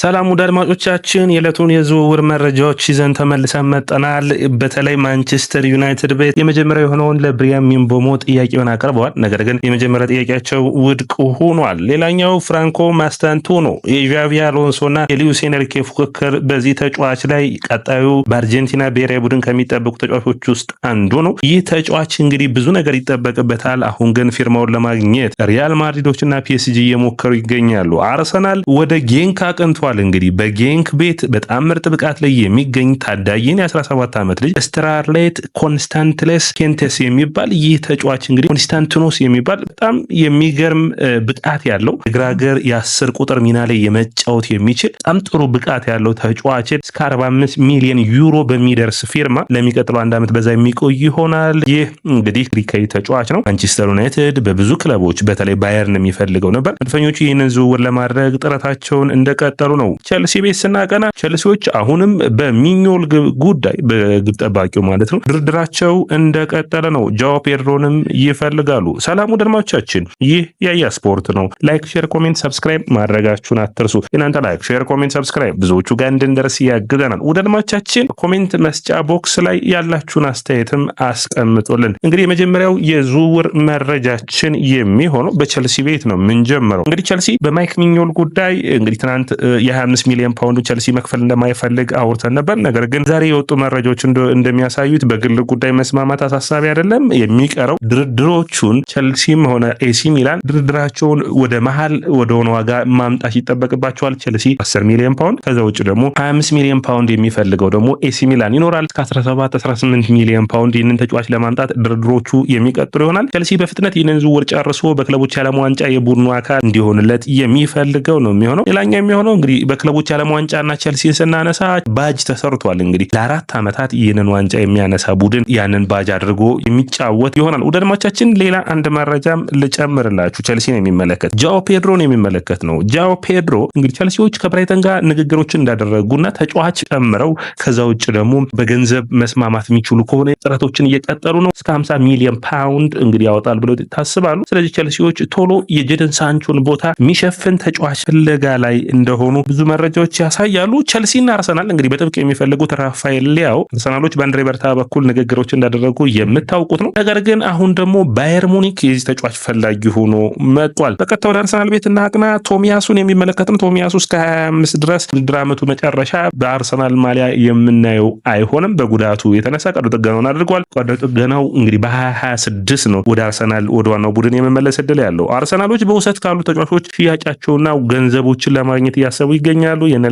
ሰላም ውድ አድማጮቻችን የዕለቱን የዝውውር መረጃዎች ይዘን ተመልሰን መጠናል። በተለይ ማንቸስተር ዩናይትድ ቤት የመጀመሪያ የሆነውን ለብሪያን ሚንቦሞ ጥያቄውን አቅርበዋል። ነገር ግን የመጀመሪያ ጥያቄያቸው ውድቅ ሆኗል። ሌላኛው ፍራንኮ ማስታንቱኖ የዣቪ አሎንሶና የሉዊስ ኤንሪኬ ፉክክር በዚህ ተጫዋች ላይ ቀጣዩ በአርጀንቲና ብሔራዊ ቡድን ከሚጠበቁ ተጫዋቾች ውስጥ አንዱ ነው። ይህ ተጫዋች እንግዲህ ብዙ ነገር ይጠበቅበታል። አሁን ግን ፊርማውን ለማግኘት ሪያል ማድሪዶችና ፒኤስጂ እየሞከሩ ይገኛሉ። አርሰናል ወደ ጌንካ አቅንቷል። ተመልክቷል። እንግዲህ በጌንክ ቤት በጣም ምርጥ ብቃት ላይ የሚገኝ ታዳጊን የ17 ዓመት ልጅ ስትራርሌት ኮንስታንትሌስ ኬንቴስ የሚባል ይህ ተጫዋች እንግዲህ ኮንስታንቲኖስ የሚባል በጣም የሚገርም ብቃት ያለው እግራገር የአስር ቁጥር ሚና ላይ የመጫወት የሚችል በጣም ጥሩ ብቃት ያለው ተጫዋችን እስከ 45 ሚሊዮን ዩሮ በሚደርስ ፊርማ ለሚቀጥለው አንድ ዓመት በዛ የሚቆይ ይሆናል። ይህ እንግዲህ ሪካይ ተጫዋች ነው። ማንቸስተር ዩናይትድ በብዙ ክለቦች በተለይ ባየርን የሚፈልገው ነበር። መድፈኞቹ ይህንን ዝውውር ለማድረግ ጥረታቸውን እንደቀጠሉ ነው። ቸልሲ ቤት ስናቀና ቸልሲዎች አሁንም በሚኞል ጉዳይ በግብ ጠባቂው ማለት ነው ድርድራቸው እንደቀጠለ ነው። ጃዋ ፔድሮንም ይፈልጋሉ። ሰላም ደድማቻችን፣ ይህ ያያ ስፖርት ነው። ላይክ፣ ሼር፣ ኮሜንት ሰብስክራይብ ማድረጋችሁን አትርሱ። እናንተ ላይክ፣ ሼር፣ ኮሜንት ሰብስክራይብ ብዙዎቹ ጋር እንድንደርስ ያግዘናል። ውደድማቻችን ኮሜንት መስጫ ቦክስ ላይ ያላችሁን አስተያየትም አስቀምጡልን። እንግዲህ የመጀመሪያው የዝውውር መረጃችን የሚሆነው በቸልሲ ቤት ነው የምንጀምረው። እንግዲህ ቸልሲ በማይክ ሚኞል ጉዳይ እንግዲህ ትናንት የ25 ሚሊዮን ፓውንዱ ቸልሲ መክፈል እንደማይፈልግ አውርተን ነበር። ነገር ግን ዛሬ የወጡ መረጃዎች እንደሚያሳዩት በግል ጉዳይ መስማማት አሳሳቢ አይደለም። የሚቀረው ድርድሮቹን ቸልሲም ሆነ ኤሲ ሚላን ድርድራቸውን ወደ መሀል ወደሆነ ዋጋ ማምጣት ይጠበቅባቸዋል። ቸልሲ 10 ሚሊዮን ፓውንድ፣ ከዛ ውጭ ደግሞ 25 ሚሊዮን ፓውንድ የሚፈልገው ደግሞ ኤሲ ሚላን ይኖራል። እስከ 17 18 ሚሊዮን ፓውንድ ይህንን ተጫዋች ለማምጣት ድርድሮቹ የሚቀጥሉ ይሆናል። ቸልሲ በፍጥነት ይህንን ዝውውር ጨርሶ በክለቦች ዓለም ዋንጫ የቡድኑ አካል እንዲሆንለት የሚፈልገው ነው የሚሆነው ሌላኛው የሚሆነው እንግዲህ በክለቦች ዓለም ዋንጫና ቸልሲን ስናነሳ ባጅ ተሰርቷል። እንግዲህ ለአራት ዓመታት ይህንን ዋንጫ የሚያነሳ ቡድን ያንን ባጅ አድርጎ የሚጫወት ይሆናል። ወደ አድማቻችን ሌላ አንድ መረጃም ልጨምርላችሁ ቸልሲን የሚመለከት ጃኦ ፔድሮን የሚመለከት ነው። ጃኦ ፔድሮ እንግዲህ ቸልሲዎች ከብራይተን ጋር ንግግሮችን እንዳደረጉና ተጫዋች ጨምረው ከዛ ውጭ ደግሞ በገንዘብ መስማማት የሚችሉ ከሆነ ጥረቶችን እየቀጠሉ ነው። እስከ 50 ሚሊዮን ፓውንድ እንግዲህ ያወጣል ብለው ታስባሉ። ስለዚህ ቸልሲዎች ቶሎ የጀደን ሳንቾን ቦታ የሚሸፍን ተጫዋች ፍለጋ ላይ እንደሆኑ ብዙ መረጃዎች ያሳያሉ። ቸልሲና አርሰናል እንግዲህ በጥብቅ የሚፈልጉት ራፋኤል ሊያው አርሰናሎች በአንድሬ በርታ በኩል ንግግሮች እንዳደረጉ የምታውቁት ነው። ነገር ግን አሁን ደግሞ ባየር ሙኒክ የዚህ ተጫዋች ፈላጊ ሆኖ መጥቷል። በቀጥታ ወደ አርሰናል ቤት እናቅና። ቶሚያሱን የሚመለከትም ቶሚያሱ እስከ 25 ድረስ ውድድር ዓመቱ መጨረሻ በአርሰናል ማሊያ የምናየው አይሆንም። በጉዳቱ የተነሳ ቀዶ ጥገናውን አድርጓል። ቀዶ ጥገናው እንግዲህ በ 26 ነው ወደ አርሰናል ወደ ዋናው ቡድን የመመለስ እድል ያለው። አርሰናሎች በውሰት ካሉ ተጫዋቾች ሽያጫቸውና ገንዘቦችን ለማግኘት እያሰቡ ይገኛሉ። የነ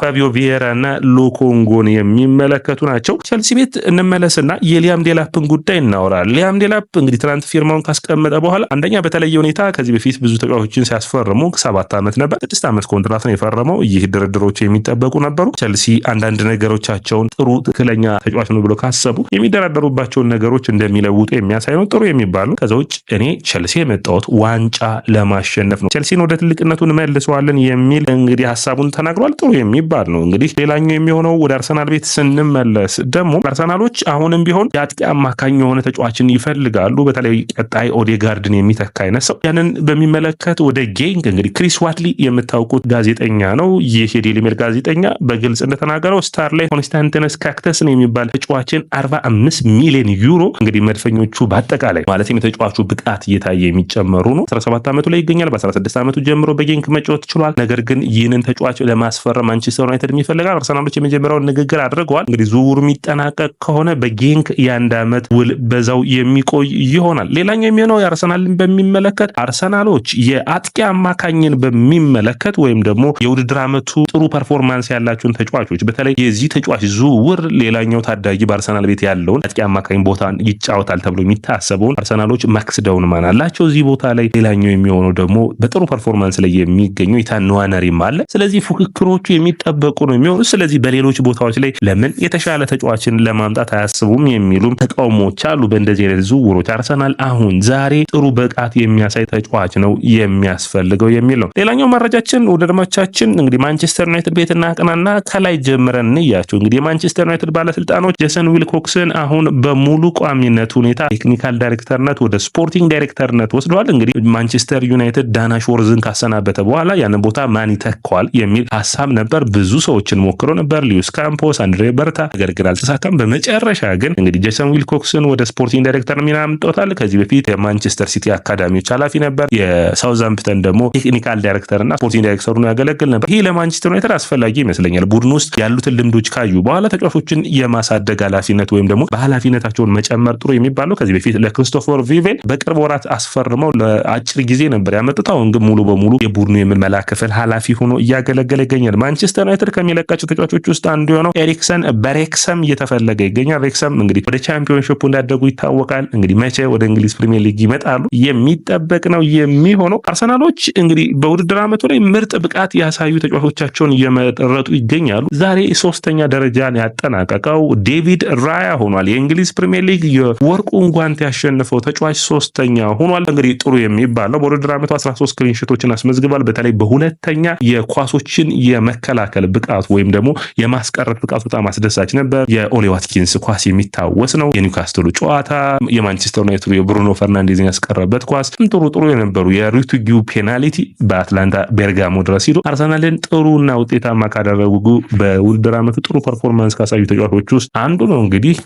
ፋቢዮ ቪየራ እና ሎኮንጎን የሚመለከቱ ናቸው። ቸልሲ ቤት እንመለስና የሊያም ዴላፕን ጉዳይ እናወራል። ሊያም ዴላፕ እንግዲህ ትናንት ፊርማውን ካስቀመጠ በኋላ አንደኛ በተለየ ሁኔታ ከዚህ በፊት ብዙ ተጫዋቾችን ሲያስፈርሙ ሰባት ዓመት ነበር ስድስት ዓመት ኮንትራት ነው የፈረመው። ይህ ድርድሮች የሚጠበቁ ነበሩ። ቸልሲ አንዳንድ ነገሮቻቸውን ጥሩ ትክክለኛ ተጫዋች ነው ብሎ ካሰቡ የሚደራደሩባቸውን ነገሮች እንደሚለውጡ የሚያሳይ ነው። ጥሩ የሚባሉ ከዛ ውጭ እኔ ቸልሲ የመጣሁት ዋንጫ ለማሸነፍ ነው፣ ቸልሲን ወደ ትልቅነቱ እንመልሰዋለን የሚል እንግዲህ ሀሳቡን ተናግሯል። ጥሩ የሚባል ነው። እንግዲህ ሌላኛው የሚሆነው ወደ አርሰናል ቤት ስንመለስ ደግሞ አርሰናሎች አሁንም ቢሆን የአጥቂ አማካኝ የሆነ ተጫዋችን ይፈልጋሉ። በተለይ ቀጣይ ኦዴጋርድን የሚተካ አይነት ሰው። ያንን በሚመለከት ወደ ጌንግ እንግዲህ ክሪስ ዋትሊ የምታውቁት ጋዜጠኛ ነው። ይህ የዴሊ ሜል ጋዜጠኛ በግልጽ እንደተናገረው ስታር ላይ ኮንስታንቲነስ ካክተስን የሚባል ተጫዋችን 45 ሚሊዮን ዩሮ እንግዲህ መድፈኞቹ በአጠቃላይ ማለት የተጫዋቹ ብቃት እየታየ የሚጨመሩ ነው። 17 ዓመቱ ላይ ይገኛል። በ16 ዓመቱ ጀምሮ በጌንግ መጫወት ችሏል። ነገር ግን ይህንን ተጫዋች ለማስፈረ ማንቸስተር ዩናይትድ የሚፈልጋል። አርሰናሎች የመጀመሪያውን ንግግር አድርገዋል። እንግዲህ ዝውውሩ የሚጠናቀቅ ከሆነ በጌንክ የአንድ ዓመት ውል በዛው የሚቆይ ይሆናል። ሌላኛው የሚሆነው የአርሰናልን በሚመለከት አርሰናሎች የአጥቂ አማካኝን በሚመለከት ወይም ደግሞ የውድድር ዓመቱ ጥሩ ፐርፎርማንስ ያላቸውን ተጫዋቾች በተለይ የዚህ ተጫዋች ዝውውር ሌላኛው ታዳጊ በአርሰናል ቤት ያለውን አጥቂ አማካኝ ቦታ ይጫወታል ተብሎ የሚታሰበውን አርሰናሎች ማክስ ደውንማን አላቸው እዚህ ቦታ ላይ ሌላኛው የሚሆነው ደግሞ በጥሩ ፐርፎርማንስ ላይ የሚገኘው ኢታን ንዋነሪማ አለ። ስለዚህ ፉክክሮቹ የሚጠበቁ ነው የሚሆኑ። ስለዚህ በሌሎች ቦታዎች ላይ ለምን የተሻለ ተጫዋችን ለማምጣት አያስቡም የሚሉም ተቃውሞዎች አሉ። በእንደዚህ አይነት ዝውውሮች አርሰናል አሁን ዛሬ ጥሩ ብቃት የሚያሳይ ተጫዋች ነው የሚያስፈልገው የሚል ነው። ሌላኛው መረጃችን ወደ አድማጮቻችን እንግዲህ ማንቸስተር ዩናይትድ ቤት እናቅናና ከላይ ጀምረን እንያቸው። እንግዲህ የማንቸስተር ዩናይትድ ባለስልጣኖች ጀሰን ዊልኮክስን አሁን በሙሉ ቋሚነት ሁኔታ ቴክኒካል ዳይሬክተርነት ወደ ስፖርቲንግ ዳይሬክተርነት ወስደዋል። እንግዲህ ማንቸስተር ዩናይትድ ዳናሾርዝን ካሰናበተ በኋላ ያንን ቦታ ማን ነክተዋል የሚል ሀሳብ ነበር። ብዙ ሰዎችን ሞክሮ ነበር፣ ሊዩስ ካምፖስ፣ አንድሬ በርታ፣ ነገር ግን አልተሳካም። በመጨረሻ ግን እንግዲህ ጄሰን ዊልኮክስን ወደ ስፖርቲንግ ዳይሬክተር ሚና አምጦታል። ከዚህ በፊት የማንቸስተር ሲቲ አካዳሚዎች ኃላፊ ነበር። የሳውዛምፕተን ደግሞ ቴክኒካል ዳይሬክተር እና ስፖርቲንግ ዳይሬክተሩ ነው ያገለግል ነበር። ይህ ለማንቸስተር ዩናይትድ አስፈላጊ ይመስለኛል። ቡድን ውስጥ ያሉትን ልምዶች ካዩ በኋላ ተጫዋቾችን የማሳደግ ኃላፊነት ወይም ደግሞ በኃላፊነታቸውን መጨመር ጥሩ የሚባለው ከዚህ በፊት ለክሪስቶፈር ቪቬን በቅርብ ወራት አስፈርመው ለአጭር ጊዜ ነበር ያመጡት። አሁን ግን ሙሉ በሙሉ የቡድኑ የምልመላ ክፍል ኃላፊ ሆኖ ሆኖ እያገለገለ ይገኛል። ማንቸስተር ዩናይትድ ከሚለቃቸው ተጫዋቾች ውስጥ አንዱ የሆነው ኤሪክሰን በሬክሰም እየተፈለገ ይገኛል። ሬክሰም እንግዲህ ወደ ቻምፒዮንሽፑ እንዳደጉ ይታወቃል። እንግዲህ መቼ ወደ እንግሊዝ ፕሪሚየር ሊግ ይመጣሉ የሚጠበቅ ነው የሚሆነው። አርሰናሎች እንግዲህ በውድድር ዓመቱ ላይ ምርጥ ብቃት ያሳዩ ተጫዋቾቻቸውን እየመረጡ ይገኛሉ። ዛሬ ሶስተኛ ደረጃን ያጠናቀቀው ዴቪድ ራያ ሆኗል። የእንግሊዝ ፕሪሚየር ሊግ የወርቁን ጓንት ያሸነፈው ተጫዋች ሶስተኛ ሆኗል። እንግዲህ ጥሩ የሚባል ነው። በውድድር ዓመቱ 13 ክሊንሽቶችን አስመዝግቧል። በተለይ በሁለተኛ የኳሶችን የመከላከል ብቃት ወይም ደግሞ የማስቀረት ብቃት በጣም አስደሳች ነበር። የኦሊ ዋትኪንስ ኳስ የሚታወስ ነው። የኒውካስትሉ ጨዋታ፣ የማንቸስተር ዩናይትድ የብሩኖ ፈርናንዴዝ ያስቀረበት ኳስ፣ ጥሩ ጥሩ የነበሩ የሪቱጊው ፔናልቲ በአትላንታ ቤርጋሞ ድረስ ሂዶ አርሰናልን ጥሩና ውጤታማ ካደረጉ በውድድር ዓመቱ ጥሩ ፐርፎርማንስ ካሳዩ ተጫዋቾች ውስጥ አንዱ ነው። እንግዲህ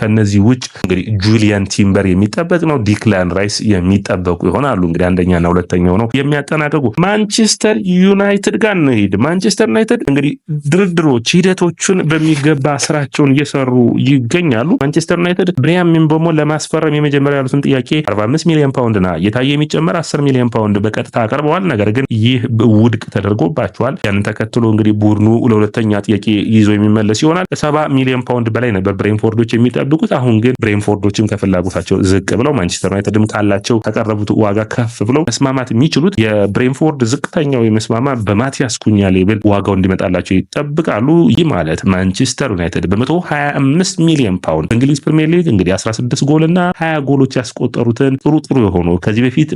ከነዚህ ውጭ እንግዲህ ጁሊያን ቲምበር የሚጠበቅ ነው። ዲክላን ራይስ የሚጠበቁ ይሆናሉ። እንግዲህ አንደኛና ሁለተኛው ነው የሚያጠናቀቁ ማንቸስተር ዩናይትድ ዩናይትድ ጋር እንሂድ። ማንቸስተር ዩናይትድ እንግዲህ ድርድሮች ሂደቶቹን በሚገባ ስራቸውን እየሰሩ ይገኛሉ። ማንቸስተር ዩናይትድ ብሪያም ምቦሞ ለማስፈረም የመጀመሪያ ያሉትን ጥያቄ 45 ሚሊዮን ፓውንድ ና የታየ የሚጨመር 10 ሚሊዮን ፓውንድ በቀጥታ አቅርበዋል። ነገር ግን ይህ ውድቅ ተደርጎባቸዋል። ያንን ተከትሎ እንግዲህ ቡድኑ ለሁለተኛ ጥያቄ ይዞ የሚመለስ ይሆናል። ሰባ ሚሊዮን ፓውንድ በላይ ነበር ብሬንፎርዶች የሚጠብቁት። አሁን ግን ብሬንፎርዶችም ከፍላጎታቸው ዝቅ ብለው ማንቸስተር ዩናይትድም ካላቸው ከቀረቡት ዋጋ ከፍ ብለው መስማማት የሚችሉት የብሬንፎርድ ዝቅተኛው የመስማማ በማ ማቲያስ ኩኛ ሌብል ዋጋው እንዲመጣላቸው ይጠብቃሉ። ይህ ማለት ማንቸስተር ዩናይትድ በ125 ሚሊዮን ፓውንድ እንግሊዝ ፕሪሚየር ሊግ እንግዲህ 16 ጎል እና 20 ጎሎች ያስቆጠሩትን ጥሩ ጥሩ የሆኑ ከዚህ በፊት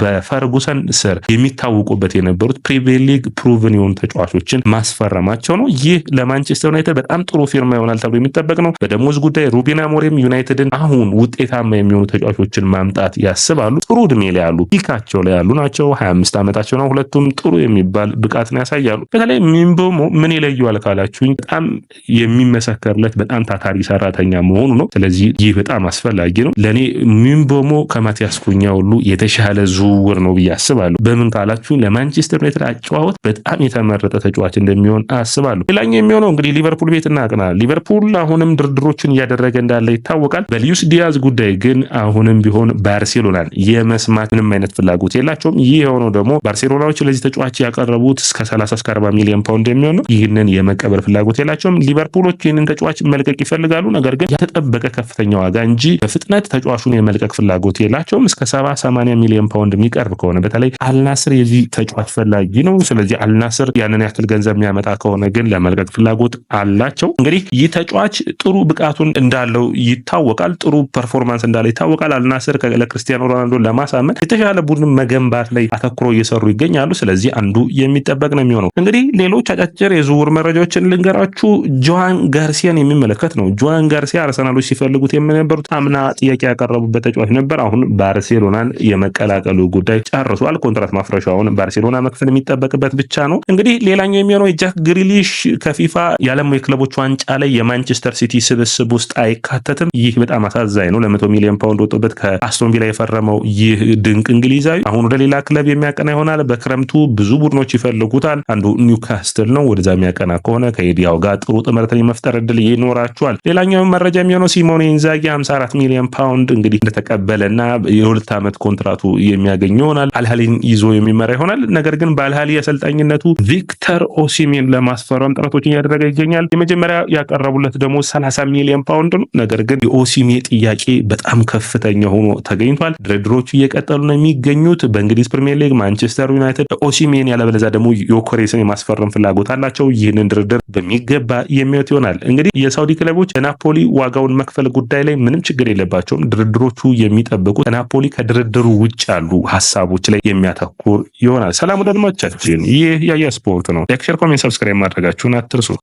በፈርጉሰን ስር የሚታወቁበት የነበሩት ፕሪሚየር ሊግ ፕሩቭን የሆኑ ተጫዋቾችን ማስፈረማቸው ነው። ይህ ለማንቸስተር ዩናይትድ በጣም ጥሩ ፊርማ ይሆናል ተብሎ የሚጠበቅ ነው። በደሞዝ ጉዳይ ሩቢና ሞሬም ዩናይትድን አሁን ውጤታማ የሚሆኑ ተጫዋቾችን ማምጣት ያስባሉ። ጥሩ እድሜ ላይ ያሉ ፒካቸው ላይ ያሉ ናቸው። 25 ዓመታቸው ነው። ሁለቱም ጥሩ የሚባል ብቃ ብቃትን ያሳያሉ። በተለይ ምንቦሞ ምን ይለየዋል ካላችሁኝ በጣም የሚመሰከርለት በጣም ታታሪ ሰራተኛ መሆኑ ነው። ስለዚህ ይህ በጣም አስፈላጊ ነው። ለእኔ ሚንቦሞ ከማቲያስ ኩኛ ሁሉ የተሻለ ዝውውር ነው ብዬ አስባለሁ። በምን ካላችሁኝ ለማንቸስተር ዩናይትድ አጨዋወት በጣም የተመረጠ ተጫዋች እንደሚሆን አስባለሁ። ሌላኛው የሚሆነው እንግዲህ ሊቨርፑል ቤት እናቅና። ሊቨርፑል አሁንም ድርድሮችን እያደረገ እንዳለ ይታወቃል። በሊዩስ ዲያዝ ጉዳይ ግን አሁንም ቢሆን ባርሴሎናን የመስማት ምንም አይነት ፍላጎት የላቸውም። ይህ የሆነው ደግሞ ባርሴሎናዎች ለዚህ ተጫዋች ያቀረቡት እስከ 30 እስከ 40 ሚሊዮን ፓውንድ የሚሆን ነው። ይህንን የመቀበል ፍላጎት የላቸውም። ሊቨርፑሎች ይህንን ተጫዋች መልቀቅ ይፈልጋሉ፣ ነገር ግን የተጠበቀ ከፍተኛ ዋጋ እንጂ በፍጥነት ተጫዋቹን የመልቀቅ ፍላጎት የላቸውም። እስከ 70 80 ሚሊዮን ፓውንድ የሚቀርብ ከሆነ በተለይ አልናስር የዚህ ተጫዋች ፈላጊ ነው። ስለዚህ አልናስር ያንን ያክል ገንዘብ የሚያመጣ ከሆነ ግን ለመልቀቅ ፍላጎት አላቸው። እንግዲህ ይህ ተጫዋች ጥሩ ብቃቱን እንዳለው ይታወቃል። ጥሩ ፐርፎርማንስ እንዳለው ይታወቃል። አልናስር ለክርስቲያኖ ሮናልዶ ለማሳመን የተሻለ ቡድን መገንባት ላይ አተኩሮ እየሰሩ ይገኛሉ። ስለዚህ አንዱ የሚ የሚጠበቅ ነው የሚሆነው። እንግዲህ ሌሎች አጫጭር የዝውውር መረጃዎችን ልንገራችሁ። ጆሃን ጋርሲያን የሚመለከት ነው። ጆሃን ጋርሲያ አርሰናሎች ሲፈልጉት የነበሩት አምና ጥያቄ ያቀረቡበት ተጫዋች ነበር። አሁን ባርሴሎናን የመቀላቀሉ ጉዳይ ጨርሷል። ኮንትራት ማፍረሻውን ባርሴሎና መክፈል የሚጠበቅበት ብቻ ነው። እንግዲህ ሌላኛው የሚሆነው የጃክ ግሪሊሽ ከፊፋ የዓለም የክለቦች ዋንጫ ላይ የማንቸስተር ሲቲ ስብስብ ውስጥ አይካተትም። ይህ በጣም አሳዛኝ ነው። ለመቶ ሚሊዮን ፓውንድ ወጥቶበት ከአስቶን ቪላ የፈረመው ይህ ድንቅ እንግሊዛዊ አሁን ወደ ሌላ ክለብ የሚያቀና ይሆናል። በክረምቱ ብዙ ቡድኖች ይፈልጉታል። አንዱ ኒውካስትል ነው። ወደዛ የሚያቀና ከሆነ ከኢዲያው ጋር ጥሩ ጥምረትን የመፍጠር እድል ይኖራቸዋል። ሌላኛው መረጃ የሚሆነው ሲሞኔ ኢንዛጊ 54 ሚሊዮን ፓውንድ እንግዲህ እንደተቀበለና የሁለት ዓመት ኮንትራቱ የሚያገኝ ይሆናል። አልሃሊን ይዞ የሚመራ ይሆናል። ነገር ግን በአልሃሊ አሰልጣኝነቱ ቪክተር ኦሲሜን ለማስፈረም ጥረቶችን እያደረገ ይገኛል። የመጀመሪያ ያቀረቡለት ደግሞ 30 ሚሊዮን ፓውንድ ነው። ነገር ግን የኦሲሜ ጥያቄ በጣም ከፍተኛ ሆኖ ተገኝቷል። ድርድሮቹ እየቀጠሉ ነው የሚገኙት በእንግሊዝ ፕሪሚየር ሊግ ማንቸስተር ዩናይትድ ኦሲሜን ያለበለዚያ ደግሞ ሲፈርሙ ዮኮሬስን የማስፈረም ፍላጎት አላቸው። ይህንን ድርድር በሚገባ የሚወት ይሆናል። እንግዲህ የሳውዲ ክለቦች ከናፖሊ ዋጋውን መክፈል ጉዳይ ላይ ምንም ችግር የለባቸውም። ድርድሮቹ የሚጠብቁት ከናፖሊ ከድርድሩ ውጭ ያሉ ሀሳቦች ላይ የሚያተኩር ይሆናል። ሰላም ወዳድማቻችን፣ ይህ ያየ ስፖርት ነው። ሌክቸር፣ ኮሜንት፣ ሰብስክራይብ ማድረጋችሁን አትርሱ።